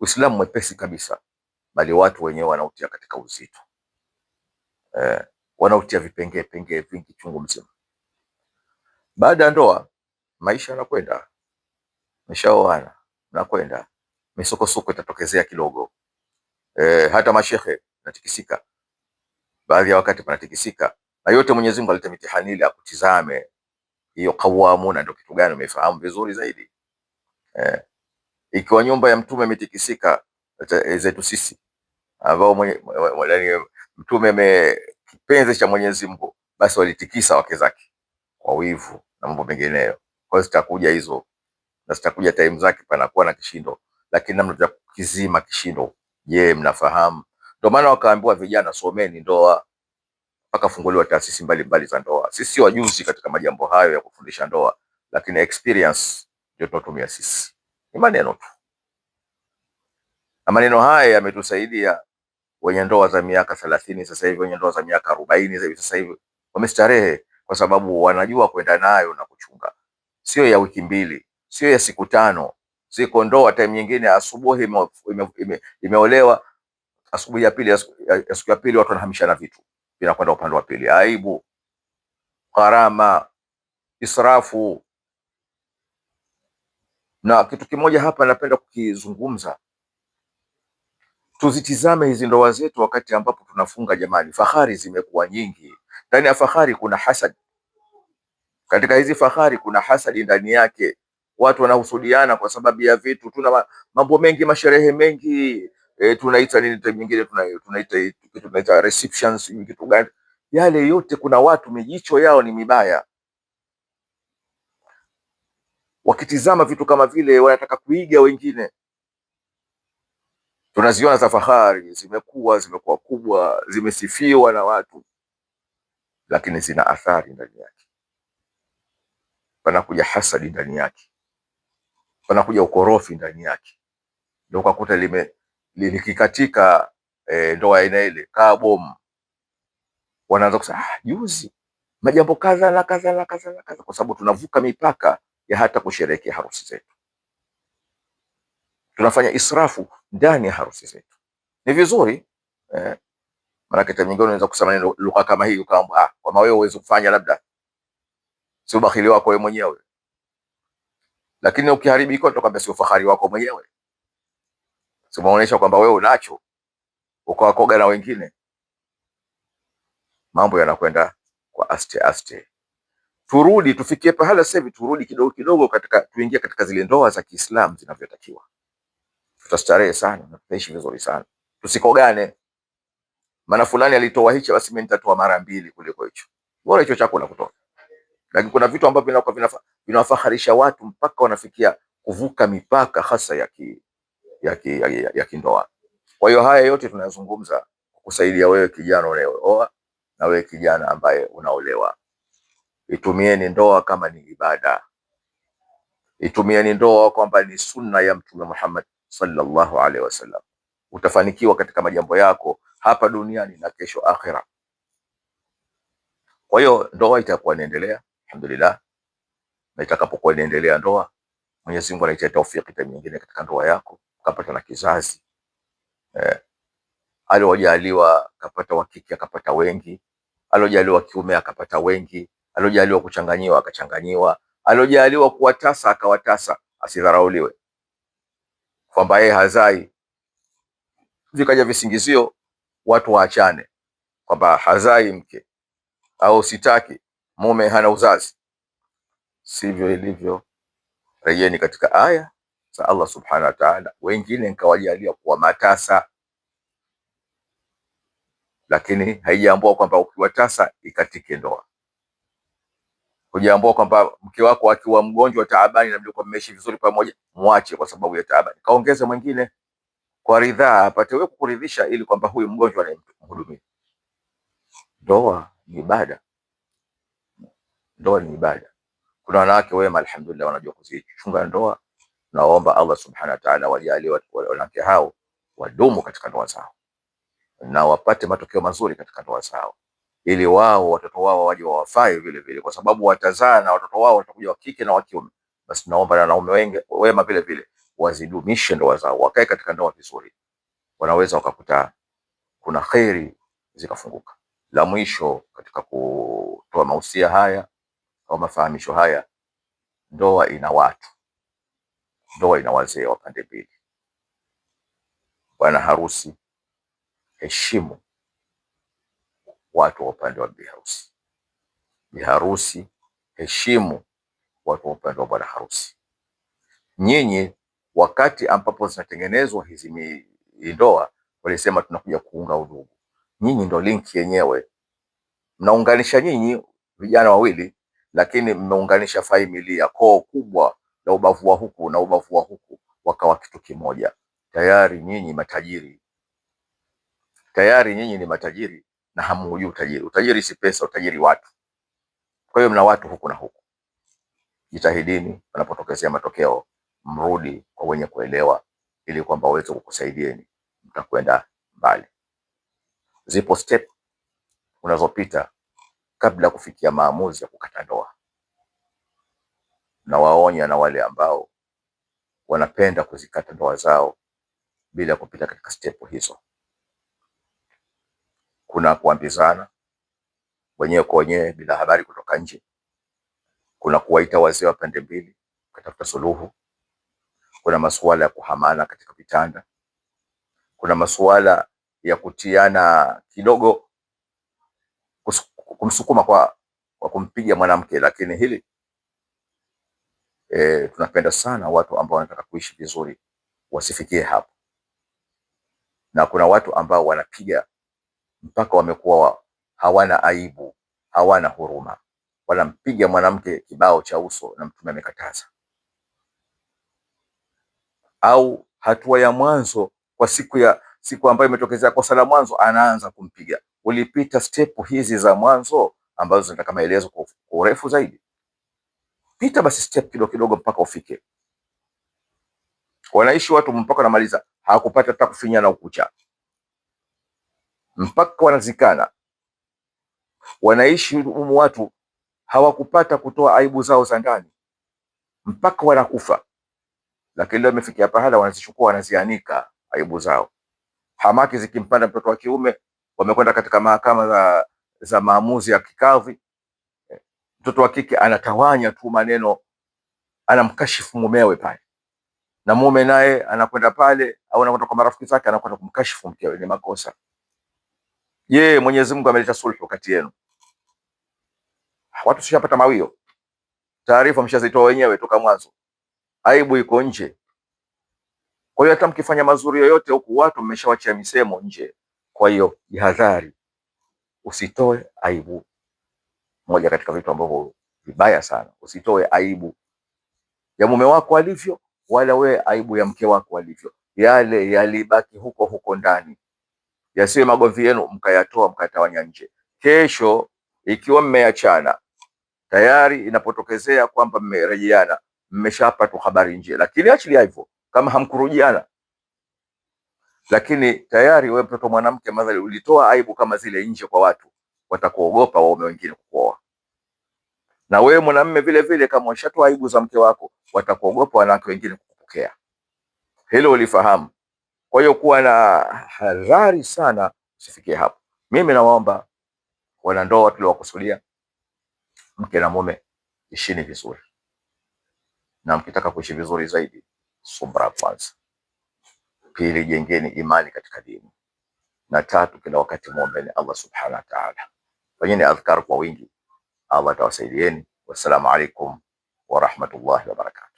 Uislamu mwepesi kabisa, bali watu wenyewe wanautia katika uzito eh, wanautia vipengee pengee vingi chungu mzima. Baada ya ndoa maisha yanakwenda, meshaoana nakwenda, misokosoko itatokezea kidogo eh, hata mashehe natikisika, baadhi ya wakati panatikisika, na yote Mwenyezi Mungu aleta mitihani ile akutizame hiyo kawamu, na ndio kitu gani umefahamu vizuri zaidi eh. Ikiwa nyumba ya Mtume imetikisika, eh, zetu sisi ambao Mtume kipenzi cha Mwenyezi Mungu, basi walitikisa wake zake kwa wivu na mambo mengineyo. Kwa hiyo zitakuja hizo na zitakuja time zake, panakuwa na kishindo, lakini namna ya kukizima kishindo, je, mnafahamu? Ndio maana wakaambiwa vijana, someni ndoa, funguliwa taasisi mbalimbali za ndoa. Sisi si wajuzi katika majambo hayo ya kufundisha ndoa, lakini experience ndio tunatumia sisi ni maneno tu, na maneno haya yametusaidia wenye ndoa za miaka thelathini sasa hivi, wenye ndoa za miaka arobaini hivi sasa hivi wamestarehe, kwa sababu wanajua kwenda nayo na kuchunga, sio ya wiki mbili, sio ya siku tano. Ziko ndoa time nyingine asubuhi ime, ime, imeolewa asubuhi ya pili ya siku ya pili watu wanahamishana vitu vinakwenda upande wa pili. Aibu, gharama, israfu na kitu kimoja hapa napenda kukizungumza, tuzitizame hizi ndoa zetu wakati ambapo tunafunga. Jamani, fahari zimekuwa nyingi. Ndani ya fahari kuna hasad, katika hizi fahari kuna hasadi ndani yake. Watu wanahusudiana kwa sababu ya vitu. Tuna mambo mengi, masherehe mengi e, tunaita nini nyingine, tunaita receptions, kitu gani? Yale yote kuna watu mijicho yao ni mibaya wakitizama vitu kama vile wanataka kuiga wengine. Tunaziona za fahari, zimekuwa zimekuwa kubwa, zimesifiwa na watu, lakini zina athari ndani yake. Panakuja hasadi ndani yake, panakuja ukorofi ndani yake, ndio ukakuta lime likikatika e, ndoa aina ile kaa bomu, wanaanza kusema ah, juzi majambo kadha na kadha na kadha na kadha, kwa sababu tunavuka mipaka ya hata kusherehekea harusi zetu. Tunafanya israfu ndani ya harusi zetu, ni vizuri eh? Maanake time nyingine unaweza kusema lugha kama hii ukaamba, ah, maana wewe uweze kufanya labda si ubakhili wako wewe mwenyewe, lakini ukiharibu iko utakwambia si ufahari wako mwenyewe, si umeonyesha kwamba wewe unacho ukawakoga na wengine, mambo yanakwenda kwa aste aste turudi tufikie pahala sasa hivi, turudi kidogo kidogo katika, tuingie katika zile ndoa za Kiislamu zinavyotakiwa, tutastarehe sana na tutaishi vizuri sana, tusikogane. Maana fulani alitoa hicho, basi mimi nitatoa mara mbili kuliko hicho. Bora hicho chako kutoa. lakini kuna vitu ambavyo vinakuwa vinafa, vinawafaharisha watu mpaka wanafikia kuvuka mipaka hasa ya ki, ya ki, ya, ya, ya kindoa. Kwa hiyo haya yote tunayozungumza kukusaidia wewe kijana unayeoa na wewe kijana ambaye unaolewa. Itumieni ndoa kama ni ibada, itumieni ndoa kwamba ni sunna ya Mtume Muhammad sallallahu alaihi wasallam. Utafanikiwa katika majambo yako hapa duniani na kesho akhera. Kwa hiyo ndoa itakuwa inaendelea alhamdulillah, na itakapokuwa inaendelea ndoa, Mwenyezi Mungu anaitia taufiki ta nyingine katika ndoa yako, ukapata na kizazi eh, aliojaliwa akapata wakike akapata wengi, aliojaliwa kiume akapata wengi aliojaliwa kuchanganyiwa akachanganyiwa, aliojaliwa kuwatasa akawatasa, asidharauliwe kwamba yeye hazai. Vikaja visingizio watu waachane, kwamba hazai mke au sitaki mume, hana uzazi. Sivyo ilivyo. Rejeni katika aya za Allah subhanahu wa ta'ala, wengine nikawajalia kuwa matasa lakini haijaambua kwamba ukiwatasa ikatike ndoa kujiambua kwamba mke wako akiwa mgonjwa taabani, na kwa mmeishi vizuri pamoja, mwache kwa sababu ya taabani. Kaongeze mwingine kwa ridhaa, apate wewe kukuridhisha, ili kwamba huyu mgonjwa anayemhudumia. Ndoa ni ibada, ndoa ni ibada. Kuna wanawake wema, alhamdulillah, wanajua kuzichunga ndoa. Naomba Allah subhanahu wa ta'ala wajalie wanawake hao wadumu katika ndoa zao na wapate matokeo mazuri katika ndoa zao ili wao watoto wao waje wawafae vile vile, kwa sababu watazaa na watoto wao watakuja wa kike na wa kiume. Basi naomba na wanaume wema vile vile wazidumishe ndoa zao, wakae katika ndoa vizuri, wanaweza wakakuta kuna kheri zikafunguka. La mwisho katika kutoa mausia haya au mafahamisho haya, ndoa ina watu, ndoa ina wazee wa pande mbili. Bwana harusi, heshimu watu wa upande wa biharusi. Biharusi, heshimu watu wa upande wa bwana harusi. Nyinyi wakati ambapo zinatengenezwa hizi ndoa, walisema tunakuja kuunga udugu. Nyinyi ndo linki yenyewe, mnaunganisha nyinyi vijana wawili, lakini mmeunganisha familia, koo kubwa la ubavu wa huku na ubavu wa huku, wakawa kitu kimoja. Tayari nyinyi matajiri, tayari nyinyi ni matajiri na hamngojei utajiri. Utajiri si pesa, utajiri watu. Kwa hiyo mna watu huku na huku. Jitahidini, panapotokezea matokeo mrudi kwa wenye kuelewa, ili kwamba waweze kukusaidieni, mtakwenda mbali. Zipo step unazopita kabla ya kufikia maamuzi ya kukata ndoa. Nawaonya na wale ambao wanapenda kuzikata ndoa zao bila kupita katika step hizo kuna kuambizana wenyewe kwa wenyewe bila habari kutoka nje, kuna kuwaita wazee wa pande mbili kutafuta suluhu, kuna masuala ya kuhamana katika vitanda, kuna masuala ya kutiana kidogo, kumsukuma kwa, kwa kumpiga mwanamke. Lakini hili e, tunapenda sana watu ambao wanataka kuishi vizuri wasifikie hapo, na kuna watu ambao wanapiga mpaka wamekuwa hawana aibu, hawana huruma, wanampiga mwanamke kibao cha uso na Mtume amekataza. Au hatua ya mwanzo kwa siku ya siku ambayo imetokezea kosa la mwanzo, anaanza kumpiga. Ulipita stepu hizi za mwanzo ambazo zinaenda kama elezo kwa urefu zaidi, pita basi step kidogo kidogo mpaka ufike. Wanaishi watu mpaka namaliza, hakupata hata kufinyana ukucha mpaka wanazikana, wanaishi humu watu hawakupata kutoa aibu zao za ndani mpaka wanakufa, lakini leo imefikia pahala wanazichukua wanazianika aibu zao. Hamaki zikimpanda mtoto wa kiume, wamekwenda katika mahakama za, za maamuzi ya kikavi. Mtoto wa kike anatawanya tu maneno, anamkashifu mumewe pale, na mume naye anakwenda pale au anakwenda kwa marafiki zake, anakwenda kumkashifu mkewe. Ni makosa. Je, Mwenyezi Mungu ameleta sulhu kati yenu? Watu sishapata mawio, taarifa mshazitoa wenyewe toka mwanzo, aibu iko nje. Kwa hiyo hata mkifanya mazuri yoyote huku, watu mmeshawachia misemo nje. Kwa hiyo jihadhari, usitoe aibu. Moja katika vitu ambavyo vibaya sana, usitoe aibu ya mume wako alivyo, wala wewe aibu ya mke wako alivyo. Yale yalibaki huko huko ndani yasiwe magomvi yenu mkayatoa mkatawanya nje. Kesho ikiwa mmeachana tayari, inapotokezea kwamba mmerejeana, mmeshapa tu habari nje, lakini achilia hivyo kama hamkurujiana lakini tayari wewe mtoto mwanamke, madhali ulitoa aibu kama zile nje kwa watu, watakuogopa waume wengine kukuoa. Na wewe mwanamme vile vile, kama ushatoa aibu za mke wako, watakuogopa wanawake wengine kukupokea. Hilo ulifahamu. Kwa hiyo kuwa na hadhari sana, usifikie hapo. Mimi nawaomba wanandoa tuliowakusudia, mke na mume, ishini vizuri, na mkitaka kuishi vizuri zaidi, subra kwanza. Pili, jengeni imani katika dini, na tatu, kila wakati ni Allah subhanahu wa ta'ala. Fanyeni adhkar kwa wingi, Allah atawasaidieni. Wassalamu alaikum warahmatullahi wabarakatu.